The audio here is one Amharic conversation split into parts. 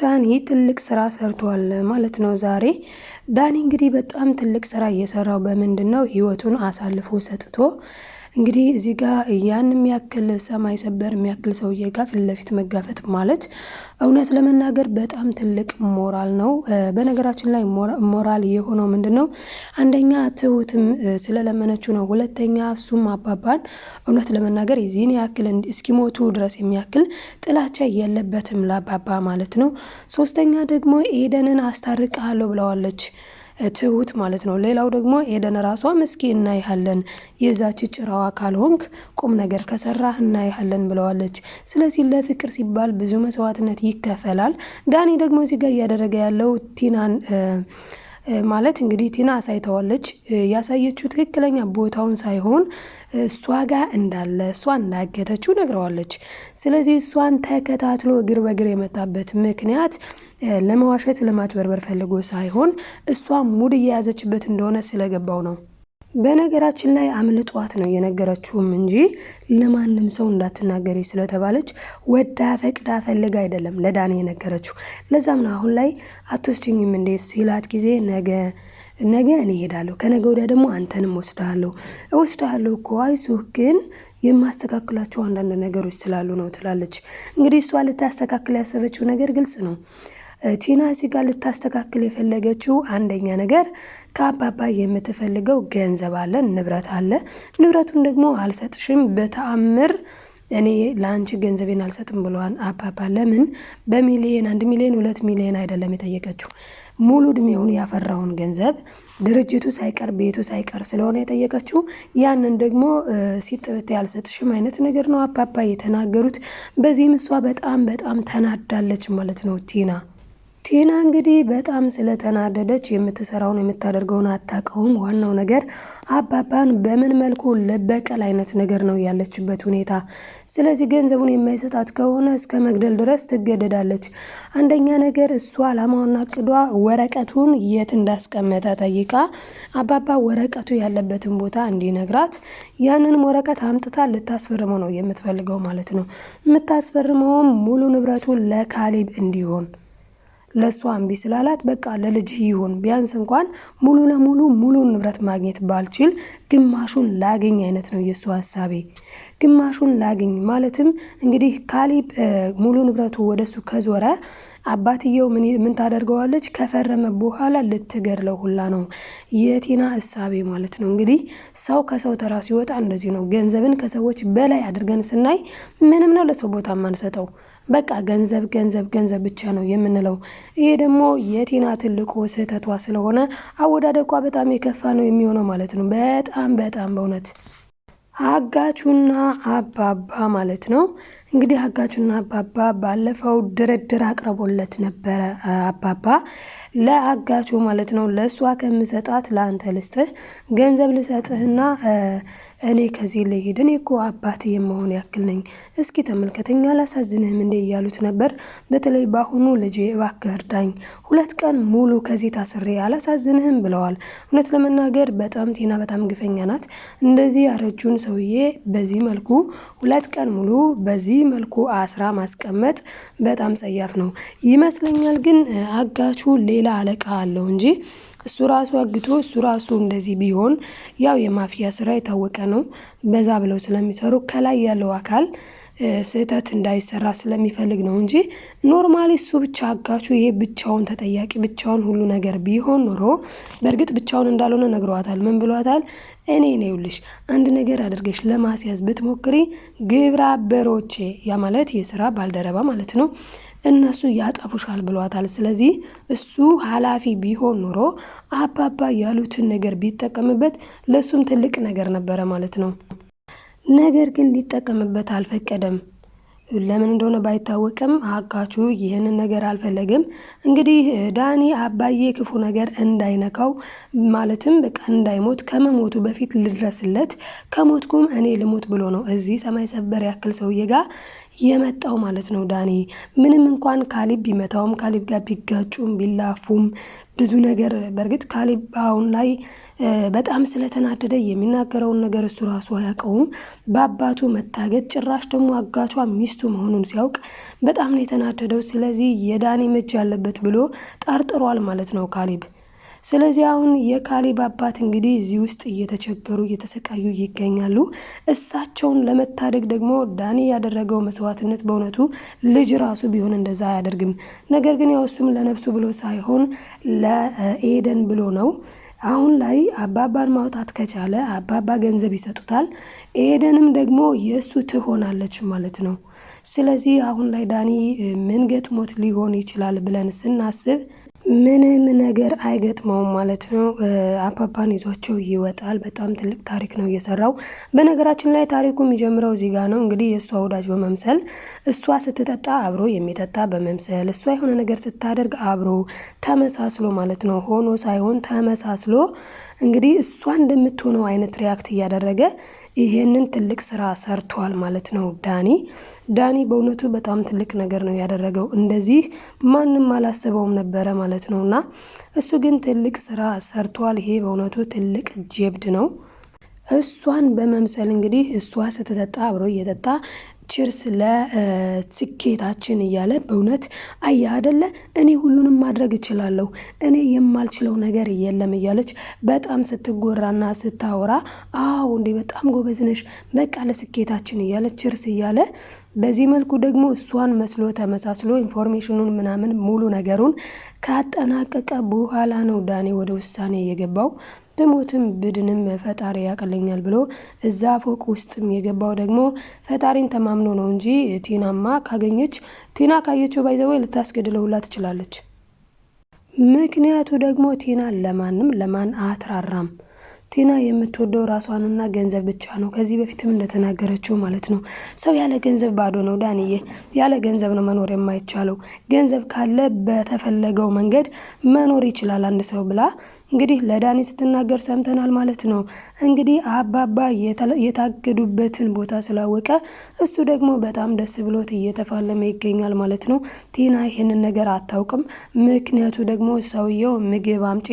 ዳኒ ትልቅ ስራ ሰርቷል ማለት ነው ዛሬ። ዳኒ እንግዲህ በጣም ትልቅ ስራ እየሰራው በምንድን ነው ህይወቱን አሳልፎ ሰጥቶ እንግዲህ እዚህ ጋር ያን የሚያክል ሰማይ ሰበር የሚያክል ሰውዬ ጋር ፊት ለፊት መጋፈጥ ማለት እውነት ለመናገር በጣም ትልቅ ሞራል ነው። በነገራችን ላይ ሞራል የሆነው ምንድን ነው? አንደኛ ትሁትም ስለለመነችው ነው። ሁለተኛ እሱም አባባን እውነት ለመናገር የዚህን ያክል እስኪሞቱ ድረስ የሚያክል ጥላቻ የለበትም ለአባባ ማለት ነው። ሶስተኛ ደግሞ ኤደንን አስታርቃለሁ ብለዋለች። ትሁት ማለት ነው። ሌላው ደግሞ ኤደን ራሷ መስኪ እናይሃለን፣ የዛች ጭራዋ ካልሆንክ ቁም ነገር ከሰራህ እናይሃለን ብለዋለች። ስለዚህ ለፍቅር ሲባል ብዙ መስዋዕትነት ይከፈላል። ዳኒ ደግሞ እዚህ ጋር እያደረገ ያለው ቲናን ማለት እንግዲህ ቲና አሳይተዋለች። ያሳየችው ትክክለኛ ቦታውን ሳይሆን እሷ ጋር እንዳለ እሷ እንዳገተችው ነግረዋለች። ስለዚህ እሷን ተከታትሎ እግር በእግር የመጣበት ምክንያት ለመዋሸት ለማጭበርበር ፈልጎ ሳይሆን እሷ ሙድ እየያዘችበት እንደሆነ ስለገባው ነው። በነገራችን ላይ አምልጧት ነው የነገረችውም እንጂ ለማንም ሰው እንዳትናገሪ ስለተባለች ወዳ ፈቅዳ ፈልግ አይደለም ለዳኔ የነገረችው። ለዛም ነው አሁን ላይ አትወስጂኝም እንዴት ሲላት ጊዜ ነገ ነገ እኔ እሄዳለሁ፣ ከነገ ወዲያ ደግሞ አንተንም ወስድሃለሁ እወስድሃለሁ እኮ አይሱህ ግን የማስተካክላቸው አንዳንድ ነገሮች ስላሉ ነው ትላለች። እንግዲህ እሷ ልታስተካክል ያሰበችው ነገር ግልጽ ነው። ቲና እዚህ ጋር ልታስተካክል የፈለገችው አንደኛ ነገር ከአባባ የምትፈልገው ገንዘብ አለ፣ ንብረት አለ። ንብረቱን ደግሞ አልሰጥሽም በተአምር እኔ ለአንቺ ገንዘቤን አልሰጥም ብለዋል አባባ። ለምን በሚሊየን አንድ ሚሊየን ሁለት ሚሊየን አይደለም የጠየቀችው ሙሉ እድሜውን ያፈራውን ገንዘብ ድርጅቱ ሳይቀር ቤቱ ሳይቀር ስለሆነ የጠየቀችው ያንን ደግሞ ሲጥብት ያልሰጥሽም አይነት ነገር ነው አባባ የተናገሩት። በዚህም እሷ በጣም በጣም ተናዳለች ማለት ነው ቲና። ቲና እንግዲህ በጣም ስለተናደደች የምትሰራውን የምታደርገውን አታውቀውም። ዋናው ነገር አባባን በምን መልኩ ለበቀል አይነት ነገር ነው ያለችበት ሁኔታ። ስለዚህ ገንዘቡን የማይሰጣት ከሆነ እስከ መግደል ድረስ ትገደዳለች። አንደኛ ነገር እሷ አላማዋና ቅዷ ወረቀቱን የት እንዳስቀመጠ ጠይቃ አባባ ወረቀቱ ያለበትን ቦታ እንዲነግራት ያንንም ወረቀት አምጥታ ልታስፈርመው ነው የምትፈልገው ማለት ነው። የምታስፈርመውም ሙሉ ንብረቱ ለካሊብ እንዲሆን ለእሷ እምቢ ስላላት በቃ ለልጅህ ይሁን ቢያንስ እንኳን ሙሉ ለሙሉ ሙሉ ንብረት ማግኘት ባልችል ግማሹን ላገኝ አይነት ነው የእሱ ሀሳቤ። ግማሹን ላገኝ ማለትም እንግዲህ ካሊብ ሙሉ ንብረቱ ወደሱ ከዞረ አባትየው ምን ታደርገዋለች? ከፈረመ በኋላ ልትገድለው ሁላ ነው። የቲና እሳቤ ማለት ነው። እንግዲህ ሰው ከሰው ተራ ሲወጣ እንደዚህ ነው። ገንዘብን ከሰዎች በላይ አድርገን ስናይ ምንም ነው ለሰው ቦታ ማንሰጠው። በቃ ገንዘብ ገንዘብ ገንዘብ ብቻ ነው የምንለው። ይሄ ደግሞ የቲና ትልቁ ስህተቷ ስለሆነ አወዳደቋ በጣም የከፋ ነው የሚሆነው ማለት ነው። በጣም በጣም በእውነት አጋቹና አባባ ማለት ነው እንግዲህ አጋቹና አባባ ባለፈው ድርድር አቅርቦለት ነበረ። አባባ ለአጋቹ ማለት ነው ለእሷ ከምሰጣት ለአንተ ልስጥህ ገንዘብ ልሰጥህና እኔ ከዚህ ልሂድ፣ እኔ እኮ አባት የመሆን ያክል ነኝ፣ እስኪ ተመልከተኝ፣ አላሳዝንህም እንዴ እያሉት ነበር። በተለይ በአሁኑ ልጄ እባክህ እርዳኝ፣ ሁለት ቀን ሙሉ ከዚህ ታስሬ አላሳዝንህም ብለዋል። እውነት ለመናገር በጣም ቴና በጣም ግፈኛ ናት። እንደዚህ ያረጁን ሰውዬ በዚህ መልኩ ሁለት ቀን ሙሉ በዚህ መልኩ አስራ ማስቀመጥ በጣም ጸያፍ ነው ይመስለኛል። ግን አጋቹ ሌላ አለቃ አለው እንጂ እሱ ራሱ አግቶ እሱ ራሱ እንደዚህ ቢሆን ያው የማፊያ ስራ የታወቀ ነው። በዛ ብለው ስለሚሰሩ ከላይ ያለው አካል ስህተት እንዳይሰራ ስለሚፈልግ ነው እንጂ ኖርማሊ እሱ ብቻ አጋቹ ይሄ ብቻውን ተጠያቂ ብቻውን ሁሉ ነገር ቢሆን ኖሮ በእርግጥ ብቻውን እንዳልሆነ ነግሯታል። ምን ብሏታል? እኔ ነው ይኸውልሽ፣ አንድ ነገር አድርገሽ ለማስያዝ ብትሞክሪ ግብረ አበሮቼ፣ ያ ማለት የስራ ባልደረባ ማለት ነው እነሱ ያጠፉሻል ብሏታል። ስለዚህ እሱ ኃላፊ ቢሆን ኑሮ አባባ ያሉትን ነገር ቢጠቀምበት ለእሱም ትልቅ ነገር ነበረ ማለት ነው። ነገር ግን ሊጠቀምበት አልፈቀደም። ለምን እንደሆነ ባይታወቅም አጋቹ ይህንን ነገር አልፈለግም። እንግዲህ ዳኒ አባዬ ክፉ ነገር እንዳይነካው ማለትም በቃ እንዳይሞት ከመሞቱ በፊት ልድረስለት፣ ከሞትኩም እኔ ልሞት ብሎ ነው እዚህ ሰማይ ሰበር ያክል ሰውዬ ጋር የመጣው ማለት ነው ዳኒ። ምንም እንኳን ካሊብ ቢመታውም ካሊብ ጋር ቢጋጩም ቢላፉም ብዙ ነገር በእርግጥ ካሊብ አሁን ላይ በጣም ስለተናደደ የሚናገረውን ነገር እሱ ራሱ አያውቀውም። በአባቱ መታገት ጭራሽ ደግሞ አጋቿ ሚስቱ መሆኑን ሲያውቅ በጣም ነው የተናደደው። ስለዚህ የዳኒ ምጅ ያለበት ብሎ ጠርጥሯል ማለት ነው ካሊብ። ስለዚህ አሁን የካሌብ አባት እንግዲህ እዚህ ውስጥ እየተቸገሩ እየተሰቃዩ ይገኛሉ። እሳቸውን ለመታደግ ደግሞ ዳኒ ያደረገው መስዋዕትነት በእውነቱ ልጅ ራሱ ቢሆን እንደዛ አያደርግም። ነገር ግን ያው እሱም ለነፍሱ ብሎ ሳይሆን ለኤደን ብሎ ነው። አሁን ላይ አባባን ማውጣት ከቻለ አባባ ገንዘብ ይሰጡታል፣ ኤደንም ደግሞ የእሱ ትሆናለች ማለት ነው። ስለዚህ አሁን ላይ ዳኒ ምን ገጥሞት ሊሆን ይችላል ብለን ስናስብ ምንም ነገር አይገጥመውም ማለት ነው። አፓፓን ይዟቸው ይወጣል። በጣም ትልቅ ታሪክ ነው እየሰራው። በነገራችን ላይ ታሪኩ የሚጀምረው እዚህ ጋር ነው። እንግዲህ የእሷ ወዳጅ በመምሰል እሷ ስትጠጣ አብሮ የሚጠጣ በመምሰል እሷ የሆነ ነገር ስታደርግ አብሮ ተመሳስሎ ማለት ነው ሆኖ ሳይሆን ተመሳስሎ እንግዲህ እሷ እንደምትሆነው አይነት ሪያክት እያደረገ ይሄንን ትልቅ ስራ ሰርቷል ማለት ነው ዳኒ። ዳኒ በእውነቱ በጣም ትልቅ ነገር ነው ያደረገው። እንደዚህ ማንም አላስበውም ነበረ ማለት ነው። እና እሱ ግን ትልቅ ስራ ሰርቷል። ይሄ በእውነቱ ትልቅ ጀብድ ነው። እሷን በመምሰል እንግዲህ እሷ ስትጠጣ አብሮ እየጠጣ ችርስ ለስኬታችን እያለ በእውነት አየ አደለ፣ እኔ ሁሉንም ማድረግ እችላለሁ እኔ የማልችለው ነገር የለም እያለች በጣም ስትጎራና ስታወራ አዎ እንዴ በጣም ጎበዝ ነሽ በቃ ለስኬታችን እያለ ችርስ እያለ በዚህ መልኩ ደግሞ እሷን መስሎ ተመሳስሎ ኢንፎርሜሽኑን ምናምን ሙሉ ነገሩን ካጠናቀቀ በኋላ ነው ዳኔ ወደ ውሳኔ የገባው። ብሞትም ብድንም ፈጣሪ ያቀለኛል ብሎ እዛ ፎቅ ውስጥም የገባው ደግሞ ፈጣሪን ተማምኖ ነው እንጂ ቲናማ ካገኘች ቲና ካየችው ባይዘወይ ልታስገድለው ላ ትችላለች። ምክንያቱ ደግሞ ቲና ለማንም ለማን አትራራም። ቲና የምትወደው ራሷንና ገንዘብ ብቻ ነው። ከዚህ በፊትም እንደተናገረችው ማለት ነው። ሰው ያለ ገንዘብ ባዶ ነው ዳንዬ። ያለ ገንዘብ ነው መኖር የማይቻለው። ገንዘብ ካለ በተፈለገው መንገድ መኖር ይችላል አንድ ሰው ብላ እንግዲህ ለዳኒ ስትናገር ሰምተናል ማለት ነው። እንግዲህ አባባ የታገዱበትን ቦታ ስላወቀ እሱ ደግሞ በጣም ደስ ብሎት እየተፋለመ ይገኛል ማለት ነው። ቲና ይህንን ነገር አታውቅም። ምክንያቱ ደግሞ ሰውየው ምግብ አምጪ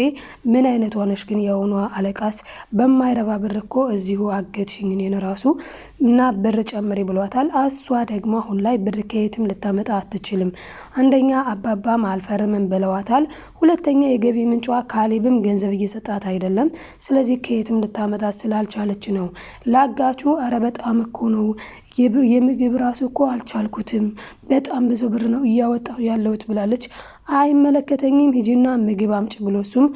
ምን አይነት ሆነሽ ግን የሆኗ አለቃስ በማይረባ ብር እኮ እዚሁ አገድሽኝ እኔን ራሱ እና ብር ጨምሪ ብሏታል። እሷ ደግሞ አሁን ላይ ብር ከየትም ልታመጣ አትችልም። አንደኛ አባባም አልፈርምም ብለዋታል። ሁለተኛ የገቢ ምንጫዋ ካሊብም ገንዘብ እየሰጣት አይደለም። ስለዚህ ከየትም ልታመጣት ስላልቻለች ነው። ላጋቹ አረ በጣም እኮ ነው የምግብ ራሱ እኮ አልቻልኩትም፣ በጣም ብዙ ብር ነው እያወጣሁ ያለሁት ብላለች። አይመለከተኝም ሂጂና ምግብ አምጭ ብሎ እሱም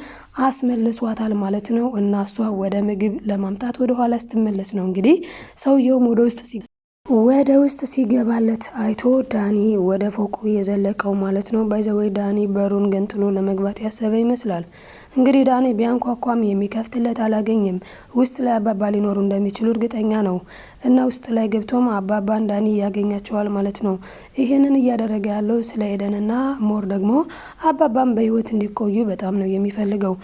አስመልሷታል ማለት ነው። እና እሷ ወደ ምግብ ለማምጣት ወደኋላ ስትመለስ ነው እንግዲህ ሰውየውም ወደ ውስጥ ወደ ውስጥ ሲገባለት አይቶ ዳኒ ወደ ፎቁ የዘለቀው ማለት ነው። ባይዘወይ ዳኒ በሩን ገንጥሎ ለመግባት ያሰበ ይመስላል። እንግዲህ ዳኒ ቢያንኳኳም የሚከፍትለት አላገኝም። ውስጥ ላይ አባባ ሊኖሩ እንደሚችሉ እርግጠኛ ነው እና ውስጥ ላይ ገብቶም አባባን ዳኒ ያገኛቸዋል ማለት ነው። ይህንን እያደረገ ያለው ስለ ኤደንና ሞር ደግሞ አባባን በህይወት እንዲቆዩ በጣም ነው የሚፈልገው።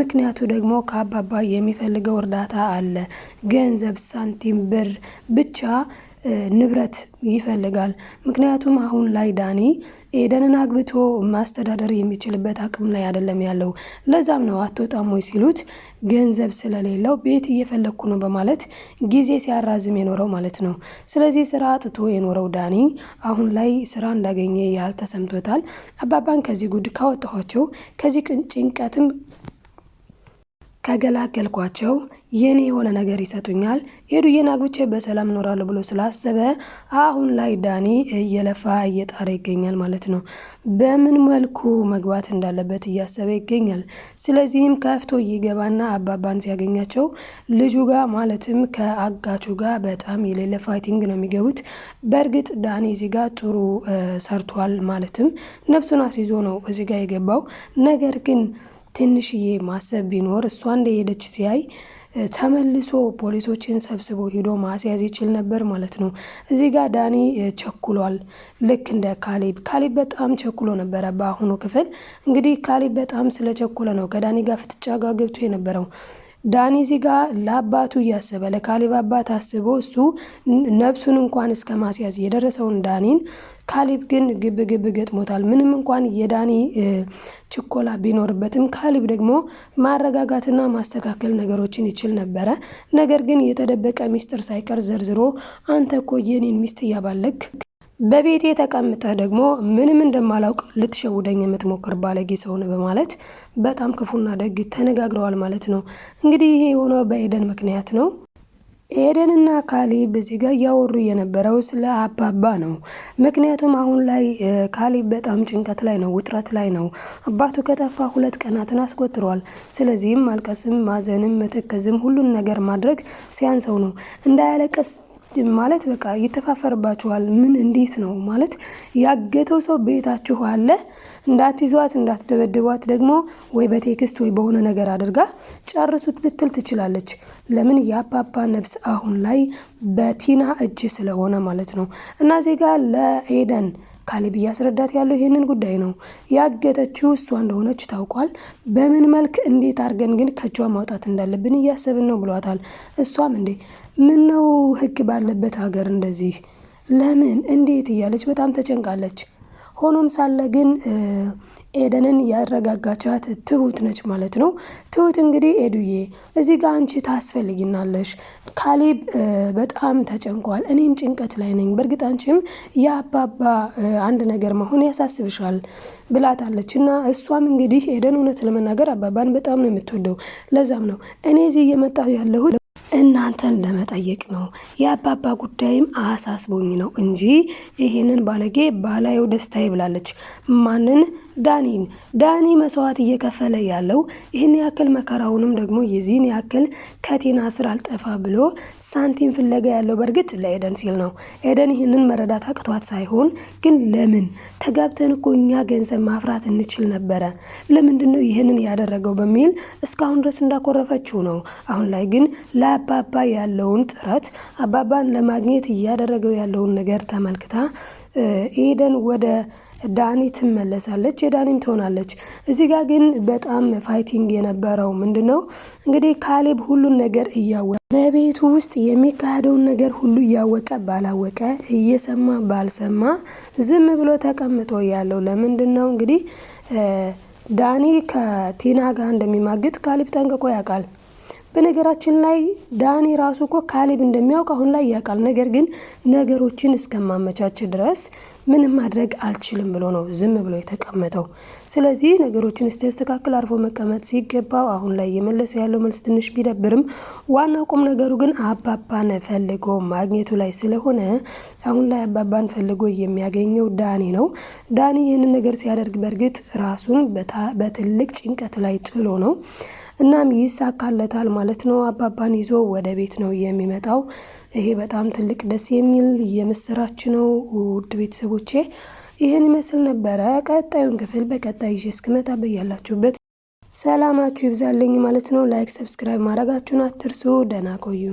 ምክንያቱ ደግሞ ከአባባ የሚፈልገው እርዳታ አለ፣ ገንዘብ፣ ሳንቲም፣ ብር ብቻ ንብረት ይፈልጋል። ምክንያቱም አሁን ላይ ዳኒ ኤደንን አግብቶ ማስተዳደር የሚችልበት አቅም ላይ አይደለም ያለው። ለዛም ነው አትወጣም ወይ ሲሉት ገንዘብ ስለሌለው ቤት እየፈለግኩ ነው በማለት ጊዜ ሲያራዝም የኖረው ማለት ነው። ስለዚህ ስራ አጥቶ የኖረው ዳኒ አሁን ላይ ስራ እንዳገኘ ያህል ተሰምቶታል። አባባን ከዚህ ጉድ ካወጣኋቸው ከዚህ ጭንቀትም ተገላገልኳቸው። የኔ የሆነ ነገር ይሰጡኛል፣ ሄዱዬን አግብቼ በሰላም እኖራለሁ ብሎ ስላሰበ አሁን ላይ ዳኒ እየለፋ እየጣረ ይገኛል ማለት ነው። በምን መልኩ መግባት እንዳለበት እያሰበ ይገኛል። ስለዚህም ከፍቶ ይገባና አባባን ሲያገኛቸው ልጁ ጋር ማለትም ከአጋቹ ጋር በጣም የሌለ ፋይቲንግ ነው የሚገቡት። በእርግጥ ዳኒ እዚህ ጋር ጥሩ ሰርቷል፣ ማለትም ነፍሱን አስይዞ ነው እዚህ ጋር የገባው ነገር ግን ትንሽዬ ማሰብ ቢኖር እሷ እንደሄደች ሲያይ ተመልሶ ፖሊሶችን ሰብስቦ ሄዶ ማስያዝ ይችል ነበር ማለት ነው። እዚህ ጋር ዳኒ ቸኩሏል፣ ልክ እንደ ካሌብ። ካሌብ በጣም ቸኩሎ ነበረ። በአሁኑ ክፍል እንግዲህ ካሌብ በጣም ስለቸኮለ ነው ከዳኒ ጋር ፍጥጫ ጋር ገብቶ የነበረው። ዳኒ እዚህ ለአባቱ እያሰበ ለካሌብ አባት አስቦ እሱ ነብሱን እንኳን እስከ ማስያዝ የደረሰውን ዳኒን ካሊብ ግን ግብ ግብ ገጥሞታል። ምንም እንኳን የዳኒ ችኮላ ቢኖርበትም ካሊብ ደግሞ ማረጋጋትና ማስተካከል ነገሮችን ይችል ነበረ። ነገር ግን የተደበቀ ሚስጥር ሳይቀር ዘርዝሮ አንተ እኮ የኔን ሚስት እያባለክ በቤቴ ተቀምጠህ ደግሞ ምንም እንደማላውቅ ልትሸውደኝ የምትሞክር ባለጌ ሰውን በማለት በጣም ክፉና ደግ ተነጋግረዋል ማለት ነው። እንግዲህ ይሄ የሆነው በኤደን ምክንያት ነው። ኤደንና ካሊብ እዚህ ጋር እያወሩ የነበረው ስለ አባባ ነው። ምክንያቱም አሁን ላይ ካሊብ በጣም ጭንቀት ላይ ነው፣ ውጥረት ላይ ነው። አባቱ ከጠፋ ሁለት ቀናትን አስቆጥሯል። ስለዚህም ማልቀስም፣ ማዘንም፣ መተከዝም ሁሉን ነገር ማድረግ ሲያንሰው ነው እንዳያለቀስ ማለት በቃ ይተፋፈርባችኋል። ምን እንዴት ነው ማለት ያገተው ሰው ቤታችሁ አለ። እንዳትይዟት፣ እንዳትደበድቧት ደግሞ ወይ በቴክስት ወይ በሆነ ነገር አድርጋ ጨርሱት ልትል ትችላለች። ለምን የአፓፓ ነብስ አሁን ላይ በቲና እጅ ስለሆነ ማለት ነው እና ዜጋ ለኤደን ካሌብ እያስረዳት ያለው ይህንን ጉዳይ ነው። ያገተችው እሷ እንደሆነች ታውቋል። በምን መልክ እንዴት አድርገን ግን ከእጇ ማውጣት እንዳለብን እያሰብን ነው ብሏታል። እሷም እንዴ ምን ነው ህግ ባለበት ሀገር እንደዚህ ለምን እንዴት እያለች በጣም ተጨንቃለች። ሆኖም ሳለ ግን ኤደንን ያረጋጋቻት ትሁት ነች ማለት ነው። ትሁት እንግዲህ ኤዱዬ እዚህ ጋር አንቺ ታስፈልጊናለሽ፣ ካሌብ በጣም ተጨንቋል፣ እኔም ጭንቀት ላይ ነኝ። በእርግጥ አንቺም የአባባ አንድ ነገር መሆን ያሳስብሻል ብላታለች እና እሷም እንግዲህ ኤደን እውነት ለመናገር አባባን በጣም ነው የምትወደው። ለዛም ነው እኔ እዚህ እየመጣሁ ያለሁት እናንተን ለመጠየቅ ነው። የአባባ ጉዳይም አሳስቦኝ ነው እንጂ ይህንን ባለጌ ባላየው ደስታዬ ብላለች። ማንን ዳኒ ዳኒ መስዋዕት እየከፈለ ያለው ይህን ያክል መከራውንም ደግሞ የዚህን ያክል ከቴና ስር አልጠፋ ብሎ ሳንቲም ፍለጋ ያለው በእርግጥ ለኤደን ሲል ነው። ኤደን ይህንን መረዳት አቅቷት ሳይሆን ግን ለምን ተጋብተን እኮ እኛ ገንዘብ ማፍራት እንችል ነበረ፣ ለምንድን ነው ይህንን ያደረገው በሚል እስካሁን ድረስ እንዳኮረፈችው ነው። አሁን ላይ ግን ለአባባ ያለውን ጥረት አባባን ለማግኘት እያደረገው ያለውን ነገር ተመልክታ ኤደን ወደ ዳኒ ትመለሳለች፣ የዳኒም ትሆናለች። እዚህ ጋር ግን በጣም ፋይቲንግ የነበረው ምንድን ነው እንግዲህ ካሌብ ሁሉን ነገር እያወ በቤቱ ውስጥ የሚካሄደውን ነገር ሁሉ እያወቀ ባላወቀ፣ እየሰማ ባልሰማ ዝም ብሎ ተቀምጦ ያለው ለምንድን ነው እንግዲህ ዳኒ ከቲና ጋር እንደሚማግጥ ካሊብ ጠንቅቆ ያውቃል። በነገራችን ላይ ዳኒ ራሱ እኮ ካሌብ እንደሚያውቅ አሁን ላይ ያውቃል። ነገር ግን ነገሮችን እስከማመቻች ድረስ ምንም ማድረግ አልችልም ብሎ ነው ዝም ብሎ የተቀመጠው። ስለዚህ ነገሮችን እስኪያስተካክል አርፎ መቀመጥ ሲገባው አሁን ላይ የመለሰ ያለው መልስ ትንሽ ቢደብርም ዋናው ቁም ነገሩ ግን አባባን ፈልጎ ማግኘቱ ላይ ስለሆነ አሁን ላይ አባባን ፈልጎ የሚያገኘው ዳኒ ነው። ዳኒ ይህንን ነገር ሲያደርግ በእርግጥ ራሱን በትልቅ ጭንቀት ላይ ጥሎ ነው። እናም ይሳካለታል ማለት ነው። አባባን ይዞ ወደ ቤት ነው የሚመጣው። ይሄ በጣም ትልቅ ደስ የሚል የምስራች ነው ውድ ቤተሰቦቼ። ይህን ይመስል ነበረ። ቀጣዩን ክፍል በቀጣይ ይዤ እስክመጣ በያላችሁበት ሰላማችሁ ይብዛልኝ ማለት ነው። ላይክ፣ ሰብስክራይብ ማድረጋችሁን አትርሱ። ደህና ቆዩ።